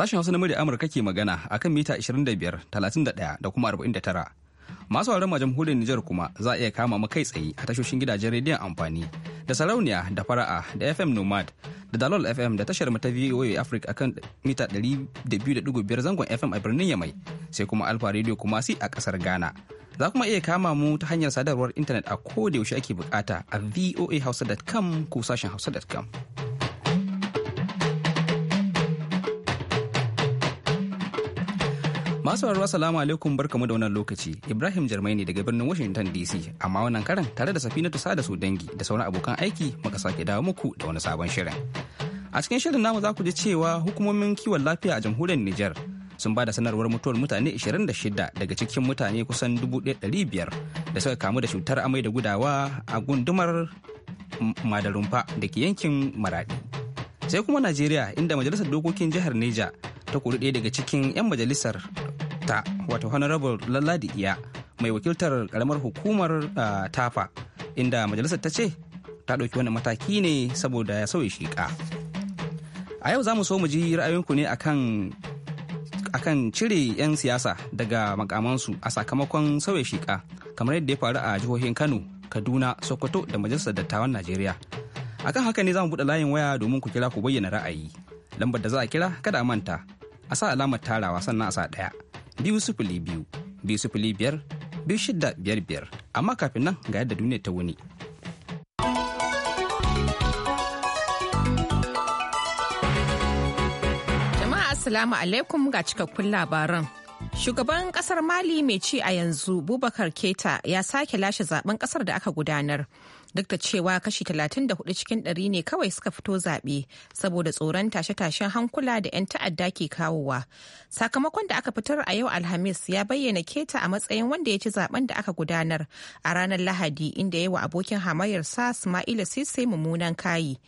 Sashen Hausa na murya Amurka ke magana akan mita 25, 31 da kuma 49. Masu ma jamhuriyar Nijar kuma za a iya kama mu kai tsaye a tashoshin gidajen rediyon amfani da sarauniya da fara'a da FM Nomad da Dalol FM da tashar ta VOA Africa akan mita 200.5 zangon FM a birnin Yamai sai kuma Alfa Radio kuma si a kasar Ghana. Za kuma iya kama mu ta hanyar sadarwar intanet a da yaushe ake bukata a voahausa.com ko sashen hausa.com. Masu sauraro salamu alaikum kamu da wannan lokaci. Ibrahim Jarmai ne daga birnin Washington DC, amma wannan karan tare da Safinatu Sada su dangi da sauran abokan aiki muka sake dawo muku da wani sabon shirin. A cikin shirin namu za ku ji cewa hukumomin kiwon lafiya a jamhuriyar Nijar sun ba da sanarwar mutuwar mutane 26 daga cikin mutane kusan 1,500 da suka kamu da cutar amai da gudawa a gundumar madarumfa da ke yankin maradi sai kuma najeriya inda majalisar dokokin jihar neja ta kuri ɗaya daga cikin 'yan majalisar ta wato honorable lalladi iya mai wakiltar karamar hukumar tafa inda majalisar ta ce ta ɗauki wani mataki ne saboda ya sauya shiƙa a yau za mu so mu ji ra'ayinku ne akan akan cire 'yan siyasa daga makamansu a sakamakon sauya shiƙa kamar yadda ya faru a jihohin kano kaduna sokoto da majalisar dattawan najeriya akan haka ne za mu buɗe layin waya domin ku kira ku bayyana ra'ayi lambar da za a kira kada a manta a sa alamar tarawa sannan a sa ɗaya biyu sifili biyu biyu biyar biyu biyar biyar amma kafin nan ga yadda duniya ta wuni. Jama'a Assalamu alaikum ga cikakkun labaran. Shugaban kasar Mali mai ci a yanzu Bubakar Keta ya sake lashe zaben kasar da aka gudanar. duk da cewa kashi 34 cikin ɗari ne kawai suka fito zaɓe saboda tsoron tashe-tashen hankula da 'yan ta'adda ke kawowa sakamakon da aka fitar a yau alhamis ya bayyana keta a matsayin wanda ya ci zaben da aka gudanar a ranar lahadi inda ya wa abokin hamayyarsa sai sai mummunan kayi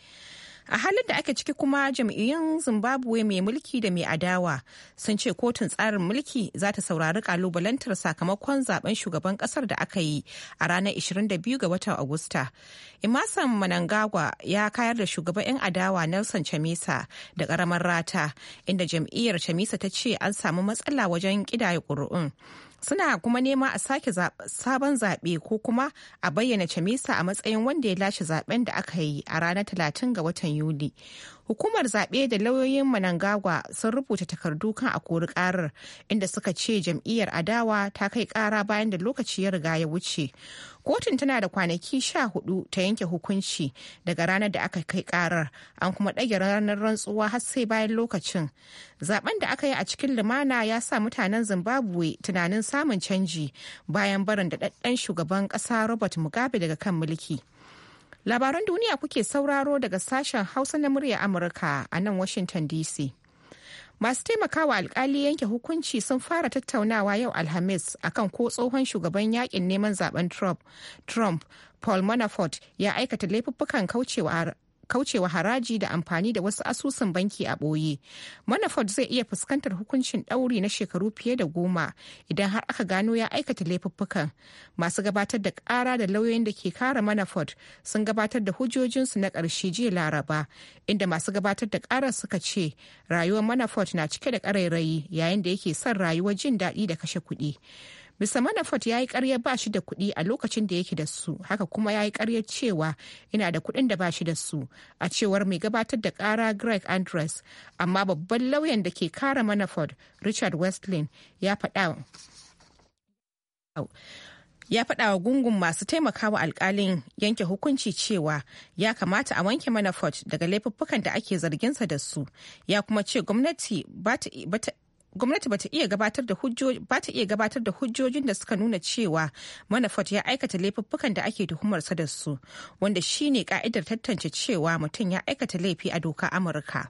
a halin da ake ciki kuma jam'iyyun zimbabwe mai mulki da mai adawa sun ce kotun tsarin mulki za ta saurari kalubalantar sakamakon zaben shugaban kasar da aka yi a ranar 22 ga watan agusta imasan manangagwa ya kayar da shugaban 'yan adawa nelson chamisa da karamar rata inda jam'iyyar chamisa ta ce an samu matsala wajen kidaya ƙuri'un suna kuma nema a sake sabon zaɓe ko kuma a bayyana chamisa a matsayin wanda ya lashe zaɓen da aka yi a ranar talatin ga watan yuli hukumar zaɓe da lauyoyin manangagwa sun rubuta takardu kan a kori karar inda suka ce jam'iyyar adawa ta kai ƙara bayan da lokaci ya riga ya wuce kotun tana da kwanaki sha hudu ta yanke hukunci daga ranar da aka kai karar an kuma ɗage ranar rantsuwa har sai bayan lokacin zaben da aka yi a cikin lumana ya sa mutanen zimbabwe tunanin samun canji bayan barin da shugaban ƙasa robert mugabe daga kan mulki labaran duniya kuke sauraro daga sashen hausa na murya amurka a nan washington dc masu taimakawa alkali yanke hukunci sun fara tattaunawa yau alhamis akan ko tsohon shugaban yakin neman zaben trump paul manafort ya aikata laifuffukan kaucewa kaucewa haraji da amfani da wasu asusun banki a ɓoye. Manafort zai iya fuskantar hukuncin ɗauri na shekaru fiye da goma idan har aka gano ya aikata laifuffukan. Masu gabatar da ƙara da lauyoyin da ke kare Manafort sun gabatar da hujjojinsu na ƙarshe jiya Laraba, inda masu gabatar da ƙara suka ce rayuwar Manafort na cike da ƙarairayi yayin da yake son rayuwar jin daɗi da kashe kuɗi. Mr. Manafort ya yi karyar ba shi da kuɗi a lokacin da yake da su, haka kuma ya yi karyar cewa ina da kuɗin da ba shi da su, a cewar mai gabatar da ƙara Greg Andres, amma babban lauyan da ke kara Manafort Richard Westlin ya faɗa ya faɗa wa gungun masu taimakawa alkalin yanke hukunci cewa ya kamata a wanke manafort daga laifuffukan da ake zarginsa da su ya kuma ce gwamnati gwamnati bata iya gabatar da bata iya gabatar da hujjojin da suka nuna cewa manafort ya aikata laifuffukan da ake tuhumarsa da su wanda shine ka'idar tantance cewa mutum ya aikata laifi a doka amurka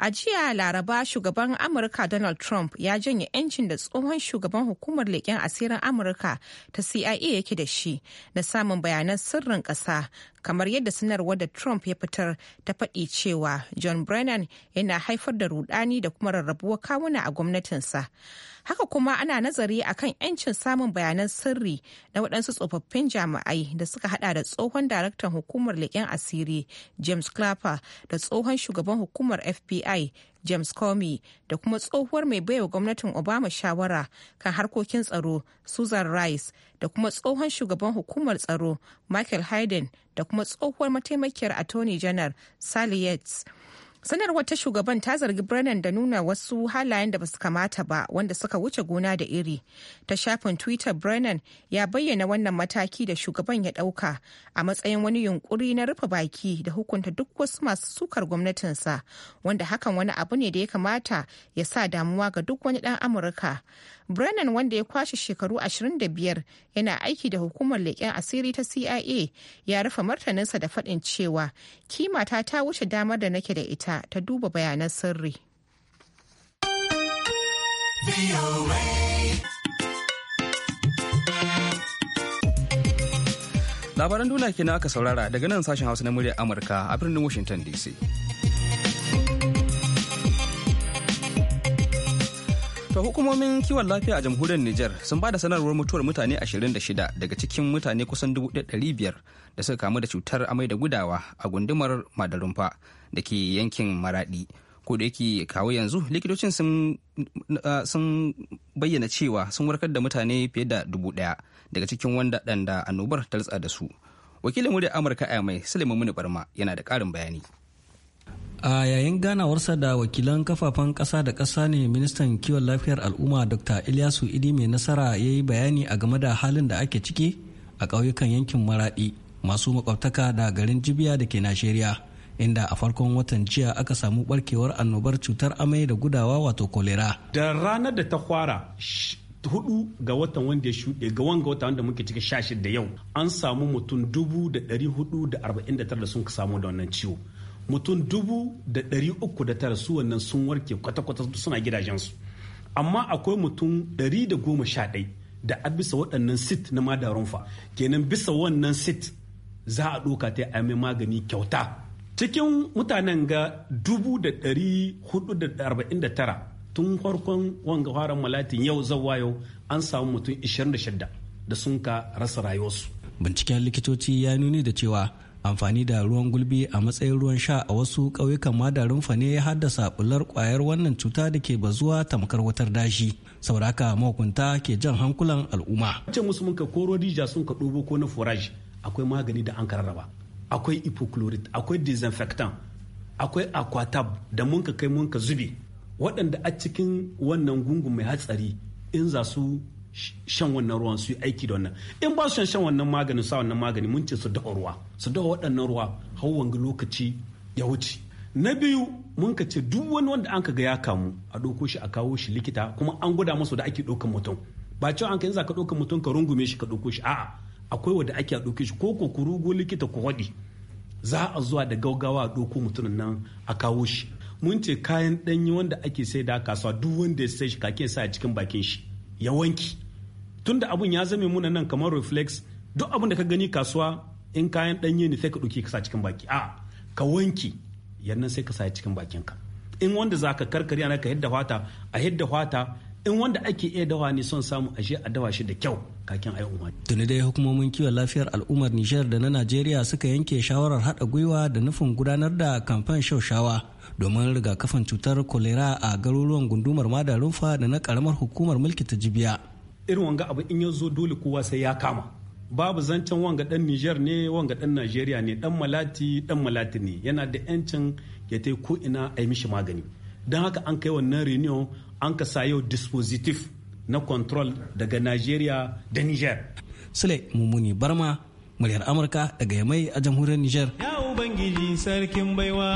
A jiya Laraba shugaban Amurka Donald Trump ya janye 'yancin da tsohon shugaban hukumar leƙen asirin Amurka ta CIA yake da shi na samun bayanan sirrin ƙasa kamar yadda sanarwar da Trump ya fitar ta faɗi cewa John Brennan yana haifar da rudani da kuma rarrabuwar kawuna a gwamnatinsa. Haka kuma ana nazari a kan 'yancin samun bayanan sirri na waɗansu tsofaffin jami'ai da suka hada da tsohon daraktan hukumar leƙen asiri James Clapper da tsohon shugaban hukumar FBI fbi james comey da kuma tsohuwar mai baiwa gwamnatin obama shawara kan harkokin tsaro susan rice da kuma tsohon shugaban hukumar tsaro michael hayden da kuma tsohuwar mataimakiyar attorney general sally yates sanarwar ta shugaban ta zargi brennan da nuna wasu halayen da basu kamata ba wanda suka wuce gona da iri ta shafin twitter brennan ya bayyana wannan mataki da shugaban ya dauka a matsayin wani yunkuri na rufe baki da hukunta duk wasu masu sukar gwamnatinsa wanda hakan wani abu ne da ya kamata ya sa damuwa ga duk wani dan amurka brennan wanda ya kwashe shekaru 25 yana aiki da hukumar leƙen asiri ta cia ya rufe martaninsa da faɗin cewa kimata ta wuce damar da nake da ita ta ta duba bayanan sirri. Labaran duniya kenan aka saurara daga nan sashen Hausa na muryar Amurka a birnin Washington DC. ta hukumomin kiwon lafiya a jamhuriyar Nijar sun ba da sanarwar mutuwar mutane 26 daga cikin mutane kusan biyar da suka kamu da cutar amai da gudawa a gundumar Madarumfa da ke yankin maradi ko da yake kawo yanzu likitocin sun bayyana cewa sun warkar da mutane fiye da dubu daya daga cikin wanda da annobar ta da su wakilin muryar amurka a mai suleiman muni barma yana da karin bayani a yayin ganawarsa da wakilan kafafen ƙasa da ƙasa ne ministan kiwon lafiyar al'umma dr ilyasu idi mai nasara ya yi bayani a game da halin da ake ciki a ƙauyukan yankin maraɗi masu makwabtaka da garin jibiya da ke najeriya inda a farkon watan jiya aka samu barkewar annobar cutar amai da gudawa wato kolera. Da ranar da ta fara hudu ga watan wanda ya shuɗe ga wanga wata wanda muke cika shashi da yau an samu mutum dubu da ɗari hudu da arba'in da tara da sun samu da wannan ciwo mutum dubu da ɗari uku da tara su wannan sun warke kwata-kwata suna gidajensu amma akwai mutum ɗari da goma sha ɗai da a bisa waɗannan sit na madarunfa kenan bisa wannan sit za a ɗoka ta yi magani kyauta cikin mutanen ga 449 tun farkon wanga haram malatin yau zawa yau an samu mutum 26 da sun ka rasa rayuwarsu binciken likitoci ya nuni da cewa amfani da ruwan gulbi a matsayin ruwan sha a wasu ƙauyukan madarin fane ya haddasa bular ƙwayar wannan cuta da ke bazuwa tamkar wutar dashi sauraka mahukunta ke jan hankulan al'umma. Ce musu mun ka ko rodija sun ka ɗubo ko na foraji akwai magani da an kararraba akwai hypochlorite akwai disinfectant akwai aquatab da mun ka kai mun ka waɗanda a cikin wannan gungun mai hatsari in za su shan wannan ruwan su yi aiki da wannan in ba su shan wannan maganin sa wannan magani mun ce su da ruwa su da waɗannan ruwa hawan lokaci ya wuce na biyu mun ka ce duk wani wanda an ga ya kamu a ɗauko shi a kawo shi likita kuma an gwada masu da ake ɗaukan mutum ba cewa an ka yanzu ka ɗaukan mutum ka rungume shi ka ɗauko shi a'a akwai wanda ake a ɗauke shi ko ko ku likita ku waɗi za a zuwa da gaugawa a ɗauko mutumin nan a kawo shi mun ce kayan ɗanyi wanda ake sai da kasuwa duk wanda ya sai shi kake sa a cikin bakin shi ya wanki tunda abun ya zame muna nan kamar reflex duk abun da ka gani kasuwa in kayan ɗanye ne sai ka ɗauki ka sa cikin baki a ka wanki yannan sai ka sa cikin bakinka. in wanda za ka karkari ana ka hidda fata a hidda fata in wanda ake iya dawa ne son samu ashe a dawa shi da kyau kakin ayi umarni. Tuni dai hukumomin kiwon lafiyar al'ummar Nijar da na Najeriya suka yanke shawarar haɗa gwiwa da nufin gudanar da kamfan shaushawa domin rigakafin cutar kolera a garuruwan gundumar Madarunfa da na karamar hukumar mulki ta Jibiya. Irin wanga abu in ya zo dole kowa sai ya kama. Babu zancen wanga dan Nijar ne wanga dan Najeriya ne dan Malati dan Malati ne yana da 'yancin ya ta ko ina a yi mishi magani. Don haka an kai wannan reunion an ka sa yau dispositif na control daga nigeria da niger sule mummuni barma muryar amurka daga yamai a jamhuriyar niger ya ubangiji sarkin baiwa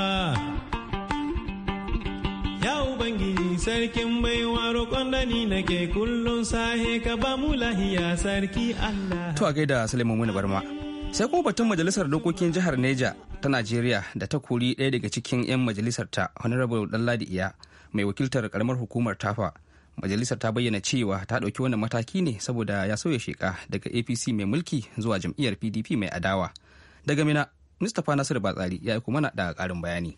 ya ubangiji sarkin baiwa roƙon da ni nake kullum sahe ka ba mu lahiya sarki allah to a gaida sule mummuni barma sai kuma batun majalisar dokokin jihar neja ta najeriya da ta kori ɗaya daga cikin 'yan majalisarta ta honorable dalladi iya mai wakiltar karamar hukumar tafa majalisar ta bayyana cewa ta ɗauki wannan mataki ne saboda ya sauya sheka daga apc mai mulki zuwa jam'iyyar pdp mai adawa daga mina mustapha nasiru batsari ya aiko mana da ƙarin bayani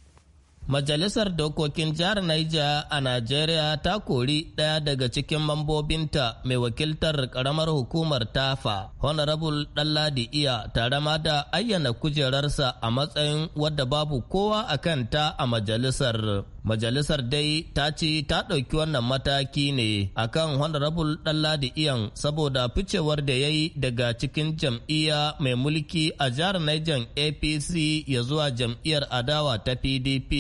Majalisar Dokokin Jihar Naija a Najeriya ta kori ɗaya daga cikin mambobinta mai wakiltar karamar hukumar Tafa, Honorable Ɗanladi Iya, tare ma da ayyana kujerarsa a matsayin wadda babu kowa a kanta a majalisar. Majalisar dai ta ce ta ɗauki wannan mataki ne akan Honorable Ɗanladi Iyan saboda ficewar da ya yi daga cikin jam'iyya mai mulki a jihar Niger APC ya zuwa jam'iyyar adawa ta PDP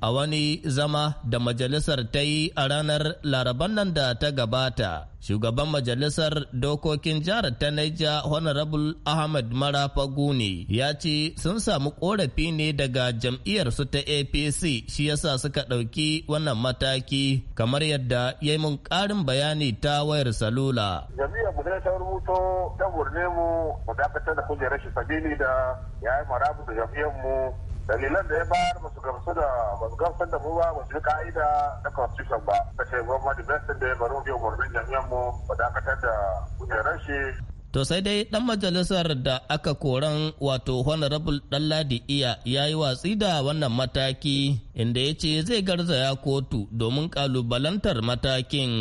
a wani zama da majalisar ta yi a ranar larabannan da ta gabata. Shugaban majalisar dokokin jihar ta Naija Honorable Ahmad Marafagu ne ya ce sun samu korafi ne daga jam'iyyarsu ta APC shi yasa suka ɗauki wannan mataki kamar yadda ya yi mun ƙarin bayani ta wayar salula. Jam'iyyar mu ta rubuto ta burne mu mu dakatar da kujerar shi sabini da ya yi marabu da jam'iyyar mu dalilan da ya bayar ba su gamsu da ba su gamsar da mu ba ba su yi ka'ida na constitution ba ta ce gwamnati best da ya baro biyu gurbin jami'an mu ba dakatar da kujerar shi To sai dai dan majalisar da aka koran wato Honorable Danladi Iya ya yi watsi da wannan mataki inda ya ce zai garzaya kotu domin kalubalantar matakin.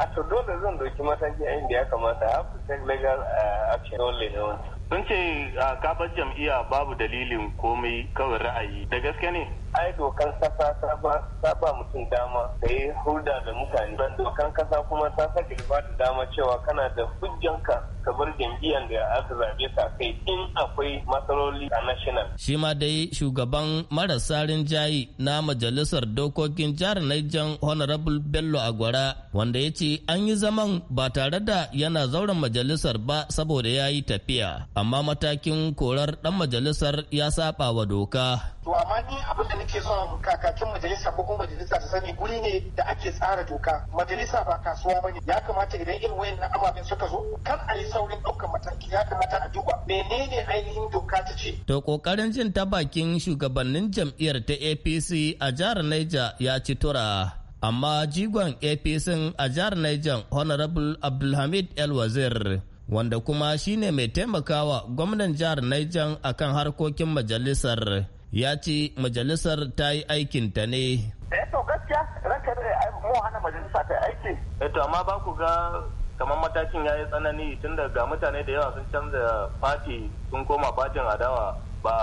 A to dole zan doki matakin inda ya kamata, I have to take legal eh, action only na sun ce a kafar jam'iyya babu dalilin komai kawai ra'ayi da gaske ne ai dokan kasa ta ba mutum dama da ya hulda da mutane ban dokan kasa kuma ta sake ba da dama cewa kana da hujjanka ka bar jam'iyyar da aka zabe ka kai in akwai matsaloli a national shi ma dai shugaban marasa rinjaye na majalisar dokokin jihar Niger honorable Bello Agwara wanda ya ce an yi zaman ba tare da yana zauren majalisar ba saboda ya yi tafiya amma matakin korar dan majalisar ya saba wa doka to amma ni abin nake zuwa kakakin majalisa ko kuma majalisa ta sani guri ne da ake tsara doka majalisa ba kasuwa ba ne ya kamata idan irin na amabin suka zo kan a yi saurin ɗaukar mataki ya kamata a duba menene ainihin doka ta ce. To kokarin jin ta bakin shugabannin jam'iyyar ta APC a jihar Niger ya ci tura. Amma jigon APC a jihar Niger Honorable Abdulhamid El Wazir wanda kuma shine mai taimakawa gwamnan jihar Niger akan harkokin majalisar ya ce majalisar ta yi aikinta ne. Eto eh, to gaskiya ranka da mu hana majalisa ta aiki. Eto eh, to amma ba ku ga kamar matakin ya yi tsanani tun da ga mutane da yawa sun canza fati sun koma fatin adawa ba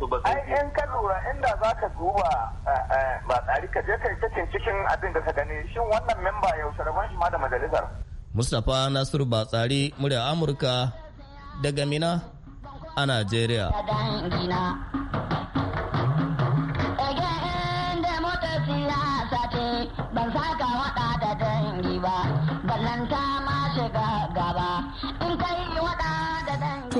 su ba sai in ka lura inda za ka duba eh, ba tsari ka je kai cikin cikin abin da ka gani shin wannan memba yaushe rabon shi ma da majalisar. Mustapha Nasiru Batsari murya Amurka daga Mina a Najeriya. Ban saka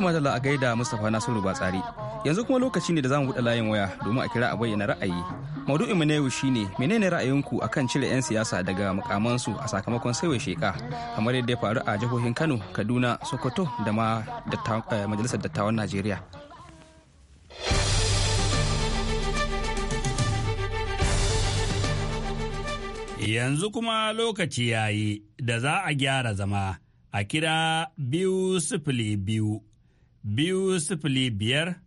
kuma da a gaida Mustapha Nasiru Batsari. Yanzu kuma lokaci ne da zamu buɗe layin waya domin a kira a bayyana ra'ayi. Maudu'in mu na yau shine menene ra'ayinku kan cire 'yan siyasa daga mukamansu a sakamakon saiwa sheka kamar yadda ya faru a jihohin Kano, Kaduna, Sokoto da ma eh, Majalisar Dattawan Najeriya. Yanzu kuma lokaci yayi da za a gyara zama a kira biyu sifili biyu biyu sifili biyar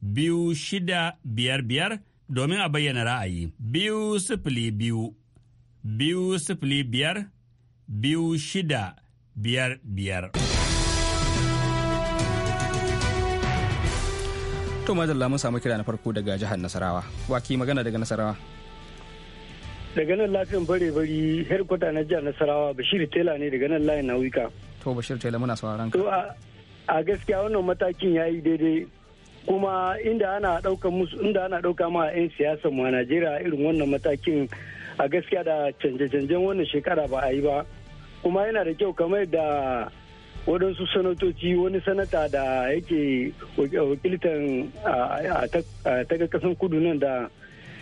biyu shida biyar biyar domin a bayyana ra'ayi biyu sifili biyu biyu sifili biyar biyu shida biyar biyar. To madalla mun samu kira na farko daga jihar Nasarawa. Waki magana daga Nasarawa. Daga nan lafiyan bare bari herkwata na jihar Nasarawa Bashir Tela ne daga nan layin Nauyuka. To Bashir Tela muna sauraron ka. a gaskiya wannan matakin ya yi daidai kuma inda ana ɗauka musu inda ana ɗauka ma 'yan siyasa mu a najeriya irin wannan matakin a gaskiya da canje-canjen wannan shekara ba a yi ba kuma yana da kyau kamar da waɗansu sanatoci wani sanata da yake a ta kasan kudu nan da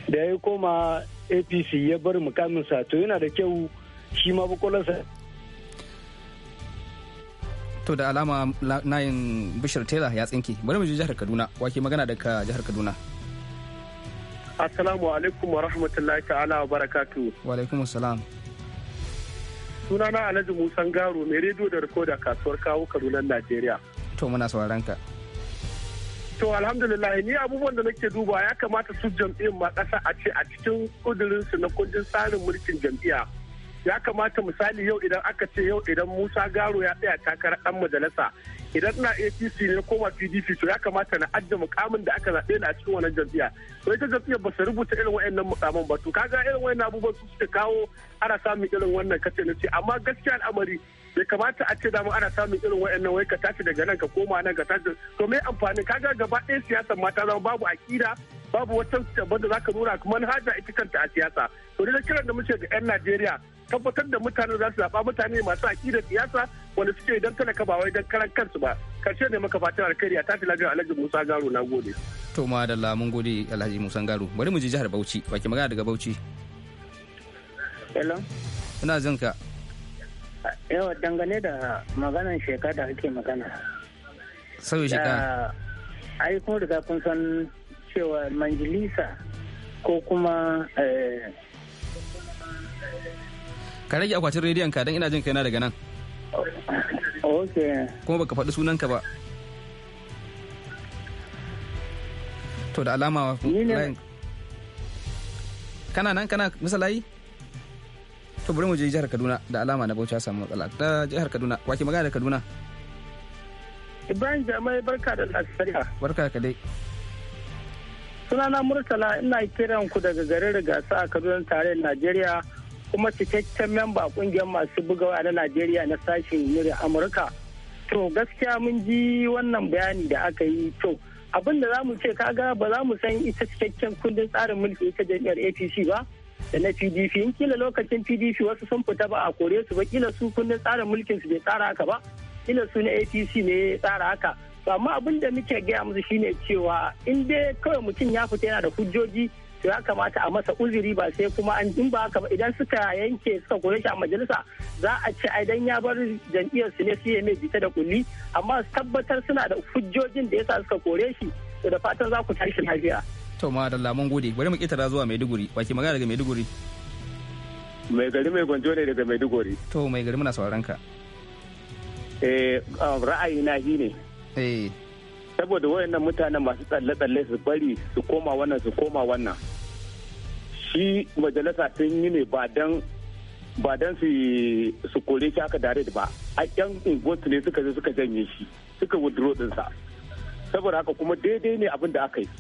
da ya koma apc ya bar mukaminsa to yana da kyau shi ma bakwalarsa to da alama nayin bishir tela ya tsinke bari mu je jihar kaduna wake magana daga jihar kaduna assalamu alaikum wa rahmatullahi ta'ala wa barakatu wa alaikum assalam sunana alhaji musan garo mai rediyo da rikoda kasuwar kawo kaduna najeriya to muna sauran ka to alhamdulillah ni abubuwan da nake duba ya kamata su jam'iyyar ma kasa a ce a cikin kudurinsu na kundin tsarin mulkin jam'iyya ya kamata misali yau idan aka ce yau idan musa garo ya tsaya takarar dan majalisa idan na apc ne ma pdp to ya kamata na adda mukamin da aka zaɓe na a cikin wannan jam'iyya to ita jam'iyyar ba su rubuta irin wayannan mukamin ba to kaga irin wayannan abubuwan su suka kawo ana samun irin wannan kace na ce amma gaskiya al'amari bai kamata a ce dama ana samun irin wayannan wai ka tashi daga nan ka koma nan ka tashi to me amfani kaga gaba ɗaya siyasar mata zama babu akida babu wata tabbar da zaka nuna kuma manhaja ita kanta a siyasa to da kiran da muke ga yan Najeriya tabbatar da mutane za su zaɓa mutane masu akida siyasa wanda suke idan ka ba wai dan karan kansu ba karshe ne maka fatan alkhairi a tafi lagos Alhaji Musa Garo na gode to ma da lamun gode Alhaji Musa Garo bari mu je jihar Bauchi baki magana daga Bauchi hello ina jin ka yawa dangane da maganan shekara da ake magana sau shekara ai kun riga kun san cewa manjilisa ko kuma eh, ka rage akwatin rediyon ka don ina jin kaina daga nan kuma baka faɗi sunanka ba to da alama kana nan kana misalayi to bari mu je jihar kaduna da alama na bauchi ya samu matsala da jihar kaduna wake magana da kaduna ibrahim jamai barka da lafiya barka ka dai sunana murtala ina kiran ku daga garin rigasa a kaduna tarayyar najeriya kuma cikakken memba kungiyar masu bugawa na najeriya na sashen murin amurka to gaskiya mun ji wannan bayani da aka yi to abin da za mu ce kaga ba za mu san ita cikakken kundin tsarin mulki ita jam'iyyar apc ba da na pdp in kila lokacin pdp wasu sun fita ba a kore su ba kila su kundin tsarin mulkin su bai tsara haka ba kila su na apc ne ya tsara haka amma abin da muke gaya musu shine cewa in dai kawai mutum ya fita yana da hujjoji to ya kamata a masa uzuri ba sai kuma an in ba haka ba idan suka yanke suka kore shi a majalisa za a ce a idan ya bar jam'iyyar su ne su mai jita da kulli amma su tabbatar suna da hujjojin da yasa suka kore shi to da fatan za ku tashi lafiya to ma da lamun gode bari mu kitara zuwa maiduguri ba ke magana daga maiduguri mai gari mai gwanjo ne daga maiduguri to mai gari muna sauran ka eh um, ra'ayi na shi ne eh saboda wayannan mutanen masu tsalle-tsalle su bari su koma wannan su koma wannan shi majalisa sun yi ne ba dan ba dan su kore shi aka dare ba a yan unguwarsu ne suka zo suka janye shi suka wuduro saboda haka kuma daidai ne abin da aka yi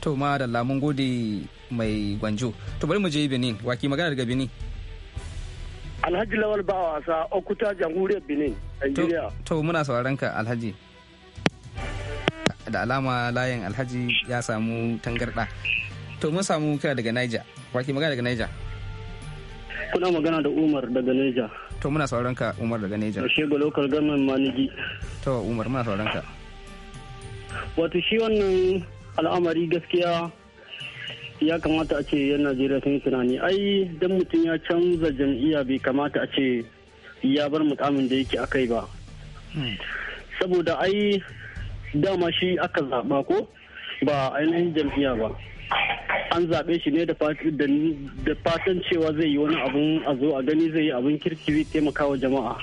to ma da lamun gode mai gwanjo to bari mu je benin waki magana daga benin alhaji lawal ba wasa okuta jamhuriyar benin nigeria to muna sauraron ka alhaji da alama layin alhaji ya samu tangarda to mun samu kira daga niger waki magana daga niger kuna magana da umar daga niger to muna sauraron ka umar daga niger shi ga lokal gamin maniji to umar muna sauraron ka wato shi wannan al'amari gaskiya ya kamata a ce yana najeriya sun tunani ai dan mutum ya canza jam'iyya bai kamata a ce ya bar mukamin da yake akai ba hmm. saboda ai dama shi aka zaɓa ko ba ainihin jam'iyya ba an zaɓe shi ne da fatan cewa zai yi wani abun a zo a gani zai yi abin kirki zai wa jama'a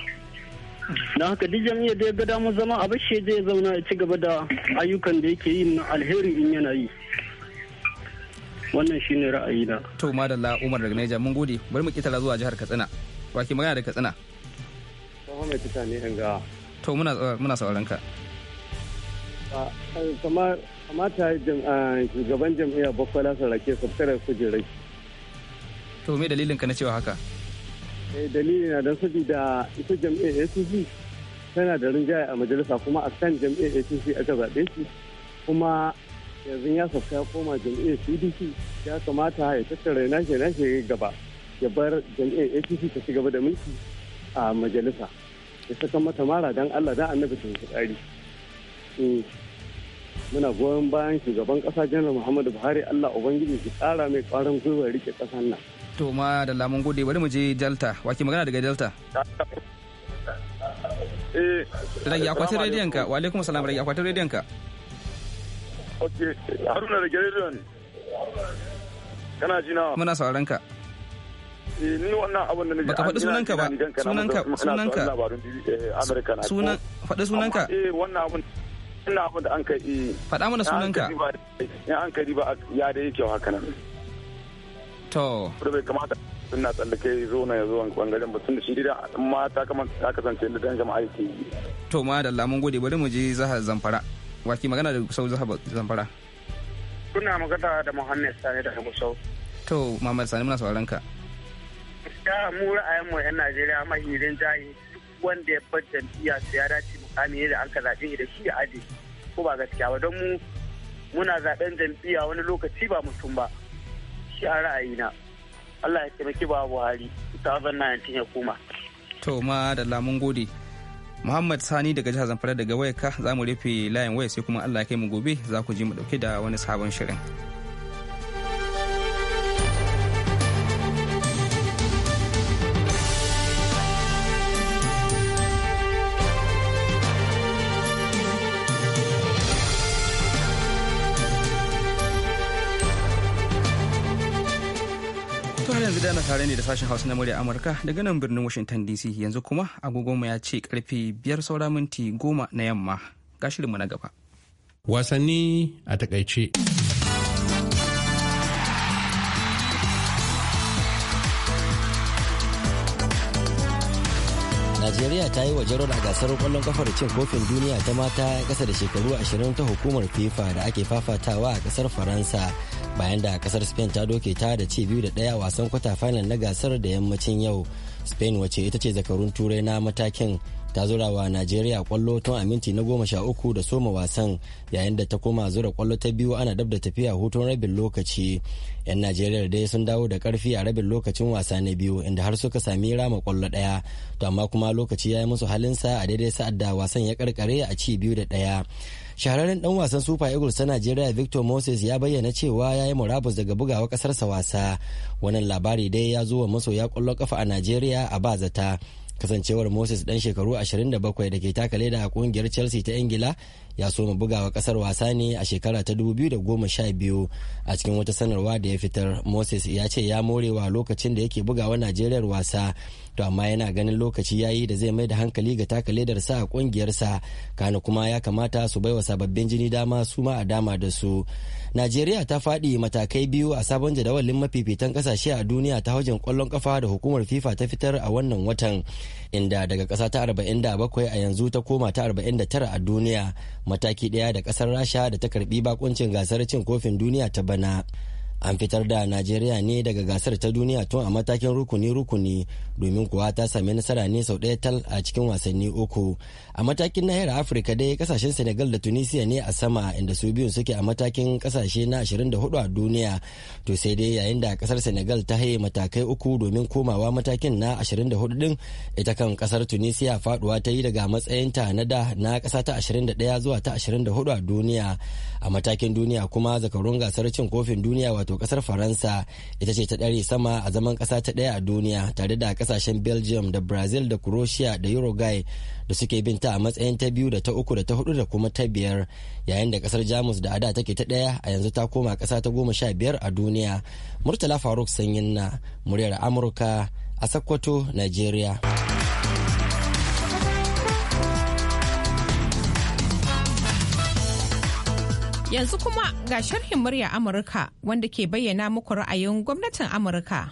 na haka duk jami'a da ya ga damar zama a bashe zai zauna ya ci gaba da ayyukan da yake yi na alheri in yana yi wannan shine na. to madalla umar daga naija mun gode bari mu kitala zuwa jihar katsina wake magana da katsina to muna eh, sauran ka eh, kamata eh, shugaban jam'iyyar bakwai lasa rake su kujerai to me dalilin ka na cewa haka Eh, dalili na don saboda ita jam'iyyar ACC tana da rinjaye a majalisa kuma a kan jam'iyyar ACC aka zaɓe shi kuma yanzu ya sauka ya koma jam'iyyar PDP ya kamata ya tattara na shi na shi gaba ya bar jam'iyyar ACC ta ci gaba da mulki a majalisa ya saka mata mara don Allah don annabi ta yi tsari. Eh, muna goyon bayan shugaban kasa janar muhammadu buhari allah ubangiji su tsara mai kwarin gwiwa rike kasan nan to ma da lamun gode bari mu je delta wake magana daga delta eh rage akwatin rediyon ka wa alaikum salam rage akwatin rediyon ka ok haruna da rediyon kana ji jina muna sauran ka eh, ni wannan abin da nake baka faɗi sunanka ba sunan ka sunan faɗi sunanka eh wannan abin ina abin da an kai eh, faɗa mana ka in eh, an kari ba ya da yake haka nan To. Kuma bai kamata suna tsallake na yanzu wani bangaren ba da shi dida amma ta ta kasance da dan jama'a yake yi. To ma da lamun gode bari mu je zahar zamfara. Waki magana da sau zahar zamfara. Kuna magana da Muhammad Sani da Gusau. To Muhammad Sani muna sauran ka. Ya mu ra'ayin mu 'yan Najeriya mahirin jahi wanda ya bar jam'iyya su ya dace mukami ne da an ka zaɓe da shi ya aje ko ba gaskiya ba don mu muna zaɓen jam'iyya wani lokaci ba mutum ba. shi a ra'ayina Allah ya taimaki ba Buhari 2019 ya kuma. to ma da lamun gode Muhammad Sani daga jihar Zamfara daga wayarka za mu rufe layin waya sai kuma Allah ya kai mu gobe za ku ji mu dauke da wani sabon shirin. tare ne da sashen hausa na murya amurka daga nan birnin washington dc yanzu kuma agogonmu ya ce karfe biyar saura minti goma na yamma ga shirinmu na gaba wasanni a takaice najeriya ta yi wa jaron a gasar kwallon kafar cin kofin duniya ta mata kasa da shekaru 20 ta hukumar fifa da ake fafatawa a kasar faransa bayan da kasar spain ta doke ta da ci biyu da daya wasan kwata final na gasar da yammacin yau spain wace ita ce zakarun turai na matakin ta zura wa najeriya kwallo tun a minti na goma sha uku da soma wasan yayin da ta koma zura kwallo ta biyu ana dab da tafiya hutun rabin lokaci yan najeriya dai sun dawo da karfi a rabin lokacin wasa na biyu inda har suka sami rama kwallo ɗaya to amma kuma lokaci ya yi musu halinsa a daidai sa'ad da wasan ya karkare a ci biyu da ɗaya shahararren dan wasan super eagles ta najeriya victor moses ya bayyana cewa ya yi murabus daga bugawa kasarsa wasa wannan labari dai ya zo wa ya kwallon kafa a najeriya a ba zata. kasancewar moses dan shekaru 27 da ke taka leda a kungiyar chelsea ta ingila ya so mu wa kasar wasa ne a shekara ta 2012 a cikin wata sanarwa da ya fitar moses ya ce ya morewa lokacin da yake bugawa najeriyar wasa to amma yana ganin lokaci ya yi da zai mai da hankali ga taka sa a kungiyarsa kana kuma ya kamata su baiwa sababbin jini dama su ma a dama da su najeriya ta faɗi matakai biyu a sabon jadawalin mafifitan ƙasashe a duniya ta hajjin kwallon ƙafa da hukumar fifa ta fitar a wannan watan inda daga ƙasa ta 47 a yanzu ta koma ta 49 a duniya mataki daya da ƙasar rasha da ta karbi bakuncin gasar cin kofin duniya ta bana an fitar da najeriya ne daga gasar ta duniya tun a matakin rukuni-rukuni domin kuwa ta sami nasara ne sau ɗaya tal a cikin wasanni uku a matakin nahiyar afirka dai kasashen senegal da tunisia ne a sama inda su biyun suke a matakin kasashe na 24 a duniya to sai dai yayin da kasar senegal ta haye matakai uku domin komawa matakin na 24 din ita kan kasar tunisia faduwa ta yi daga matsayin ta na da na kasa ta 21 zuwa ta 24 a duniya a matakin duniya kuma zakarun gasar cin kofin duniya wato kasar faransa ita ce ta ɗari sama a zaman ƙasa ta ɗaya a duniya tare da ƙasashen belgium da brazil da croatia da uruguay da suke bin ta a matsayin ta biyu da ta uku da ta hudu da kuma ta biyar yayin da ƙasar jamus da ada take ta ɗaya a yanzu ta koma ƙasa ta goma sha biyar a duniya murtala faruk sanyin na muryar amurka a sakkwato nigeria. Yanzu kuma ga sharhin murya Amurka wanda ke bayyana muku ra'ayin gwamnatin Amurka.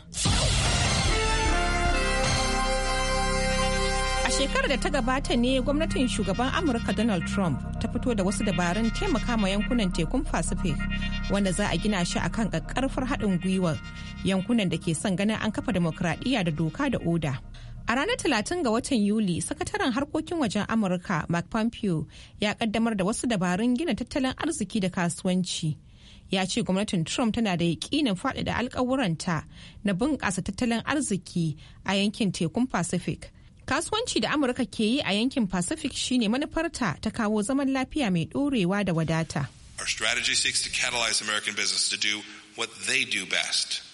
A shekarar da ta gabata ne gwamnatin shugaban Amurka Donald Trump ta fito da wasu dabarun taimaka ma yankunan tekun Pacific wanda za a gina shi akan ƙaƙƙarfar haɗin gwiwar yankunan da ke son ganin an kafa demokradiyya da doka da oda. A ranar talatin ga watan Yuli, sakataren harkokin wajen Amurka Mark Pompeo ya kaddamar da wasu dabarun gina tattalin arziki da kasuwanci. Ya ce gwamnatin Trump tana da yakinin faɗaɗa alkawuranta na bunƙasa tattalin arziki a yankin tekun Pacific. Kasuwanci da Amurka ke yi a yankin Pacific shine manufarta ta kawo zaman lafiya mai ɗorewa da wadata. Our strategy seeks to catalyze American business to do what they do best.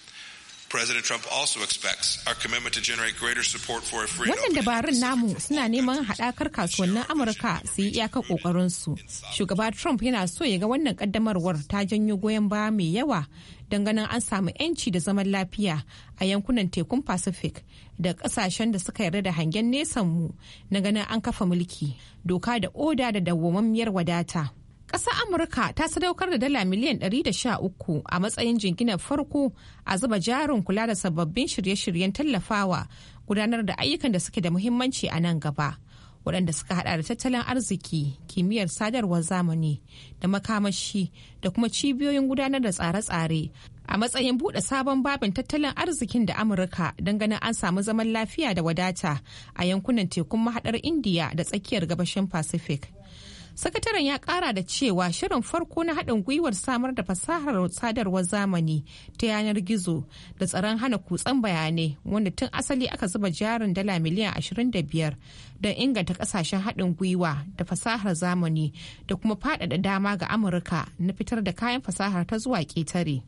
President Trump also expects our commitment to generate greater support for a free Wannan dabarun namu suna neman haɗakar kasuwannin Amurka su yi iyakar ƙoƙarinsu. Shugaba Trump yana so ya ga wannan ƙaddamarwar ta janyo goyon baya mai yawa don ganin an samu 'yanci da zaman lafiya a yankunan tekun Pacific da ƙasashen da suka yarda da hangen nesan mu na ganin an kafa mulki, doka da oda da dawwammamiyar wadata. Ƙasar Amurka ta sadaukar da dala miliyan 113 a matsayin jinginar farko a zuba jarin kula da sababbin shirye-shiryen tallafawa gudanar da ayyukan da suke da muhimmanci a nan gaba. waɗanda suka haɗa da tattalin arziki kimiyyar sadarwar zamani da makamashi da kuma cibiyoyin gudanar da tsare-tsare a matsayin buɗe sabon babin tattalin arzikin da amurka don ganin an samu zaman lafiya da wadata a yankunan tekun mahaɗar indiya da tsakiyar gabashin pacific sakataren ya kara da cewa shirin farko na haɗin gwiwar samar da fasahar sadarwar zamani ta yanar gizo da tsaron hana kutsan bayanai wanda tun asali aka zuba jarin dala miliyan 25 don inganta kasashen haɗin gwiwa da fasahar zamani da kuma faɗaɗa dama ga amurka na fitar da kayan fasahar ta zuwa ƙetare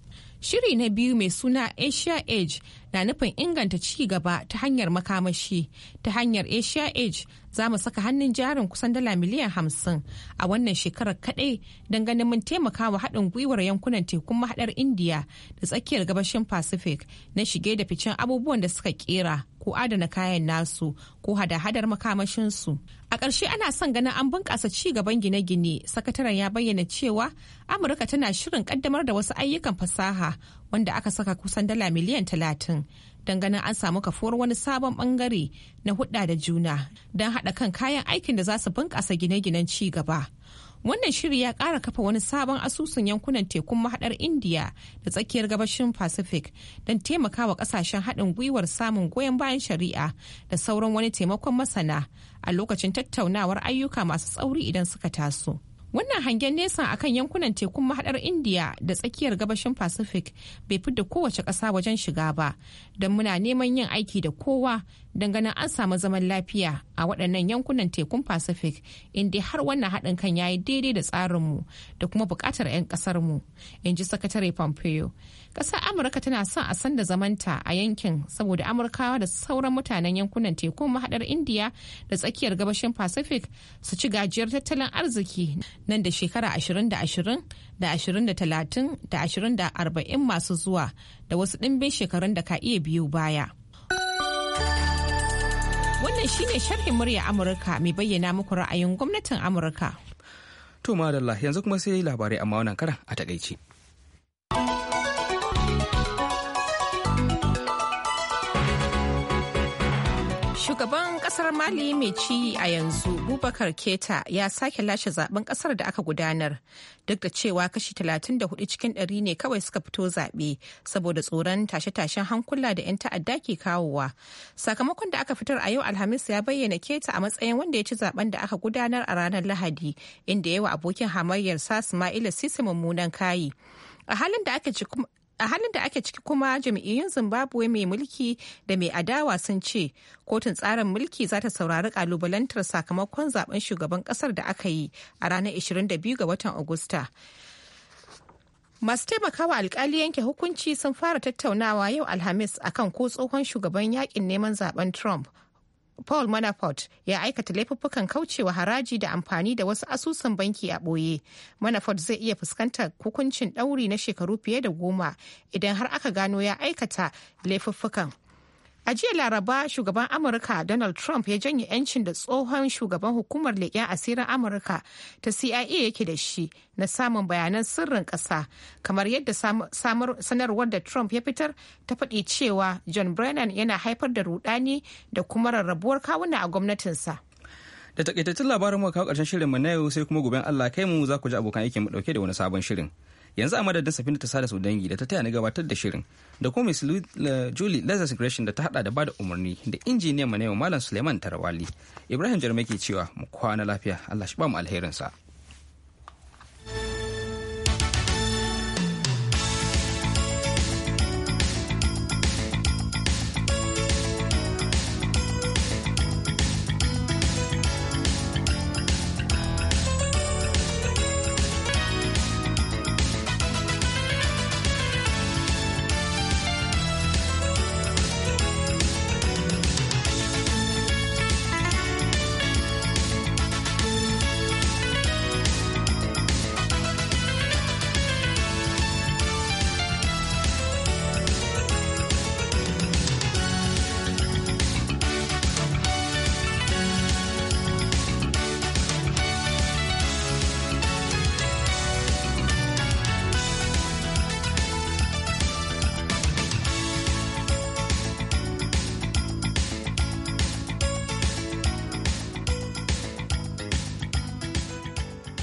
Shiri na biyu mai suna Asia Age na nufin inganta ci gaba ta hanyar makamashi. Ta hanyar Asia Age za mu saka hannun jarin kusan dala miliyan hamsin a wannan shekarar kaɗai don ganin mun taimaka wa haɗin gwiwar yankunan tekun mahaɗar Indiya da tsakiyar gabashin Pacific na shige da ficen abubuwan da suka kera. ko adana kayan nasu ko hada-hadar makamashinsu. A ƙarshe ana son ganin an bunƙasa ci gaban gine-gine, sakataren ya bayyana cewa Amurka tana shirin ƙaddamar da wasu ayyukan fasaha wanda aka saka kusan dala miliyan talatin. don ganin an samu kafuwar wani sabon bangare na hudda da juna don haɗa kan kayan aikin da za su bunƙasa gine-ginen ci gaba. wannan shiri ya kara kafa wani sabon asusun yankunan tekun mahadar indiya da tsakiyar gabashin pacific don taimakawa kasashen haɗin gwiwar samun goyon bayan shari'a da sauran wani taimakon masana a lokacin tattaunawar ayyuka masu tsauri idan suka taso. wannan hangen nesa akan yankunan tekun mahadar indiya da tsakiyar gabashin pacific bai fi da kowace ƙasa wajen shiga ba don muna neman yin aiki da kowa don ganin an samu zaman lafiya a waɗannan yankunan tekun pacific inda har wannan haɗin kan yayi daidai da tsarinmu da kuma buƙatar 'yan ƙasarmu in ji sakatare pompeo Ƙasar Amurka tana son a san da zamanta a yankin saboda Amurkawa da sauran mutanen yankunan teku mahaɗar Indiya da tsakiyar gabashin Pacific su ci gajiyar tattalin arziki nan da shekara 2020 da 2030 da 2040 masu zuwa da wasu ɗimbin shekarun da ka iya biyo baya. Wannan shine sharhin murya Amurka mai bayyana muku ra'ayin gwamnatin Amurka. To madalla yanzu kuma sai labarai amma wannan karan a takaice. shugaban kasar mali mai ci a yanzu bubakar keta ya sake lashe zaben kasar da aka gudanar duk da cewa kashi 34 cikin 100 ne kawai suka fito zaɓe saboda tsoron tashe-tashen hankula da 'yan ta'adda ke kawowa sakamakon da aka fitar a yau alhamis ya bayyana keta a matsayin wanda ya ci zaben da aka gudanar a ranar lahadi inda yawa abokin hamayyar sa ismaila sisi mummunan kayi a halin da ake a halin da ake ciki kuma jam'iyyun zimbabwe mai mulki da mai adawa sun ce kotun tsarin mulki za ta saurari kalubalantar sakamakon zaben shugaban kasar da aka yi a ranar 22 ga watan agusta masu taimakawa alkali yanke hukunci sun fara tattaunawa yau alhamis akan ko tsohon shugaban yakin neman zaben trump Paul Manafort ya aikata laifuffukan kaucewa haraji da amfani da wasu asusun banki a ɓoye. Manafort zai iya fuskantar hukuncin ɗauri na shekaru fiye da goma idan har aka gano ya aikata laifuffukan. A jiya Laraba shugaban Amurka Donald Trump ya janye 'yancin da tsohon shugaban hukumar leƙen asirin Amurka ta CIA yake da shi na samun bayanan sirrin ƙasa kamar yadda sanarwar da Trump ya fitar ta faɗi cewa John Brennan yana haifar da rudani da kuma rarrabuwar kawuna a gwamnatinsa. Da takaitattun labarin mu kawo ƙarshen shirin mu na yau sai kuma gobe Allah kai mu za ku ji abokan aiki mu ɗauke da wani sabon shirin. yanzu a madadin safina ta sada dangi da ta taya ni gabatar da shirin da kuma miss julie lazarus secretion da ta hada da bada umarni da injiniyan mu na yau malam suleiman tarawali ibrahim jarmai ke cewa mu kwana lafiya allah shi ba mu alherinsa.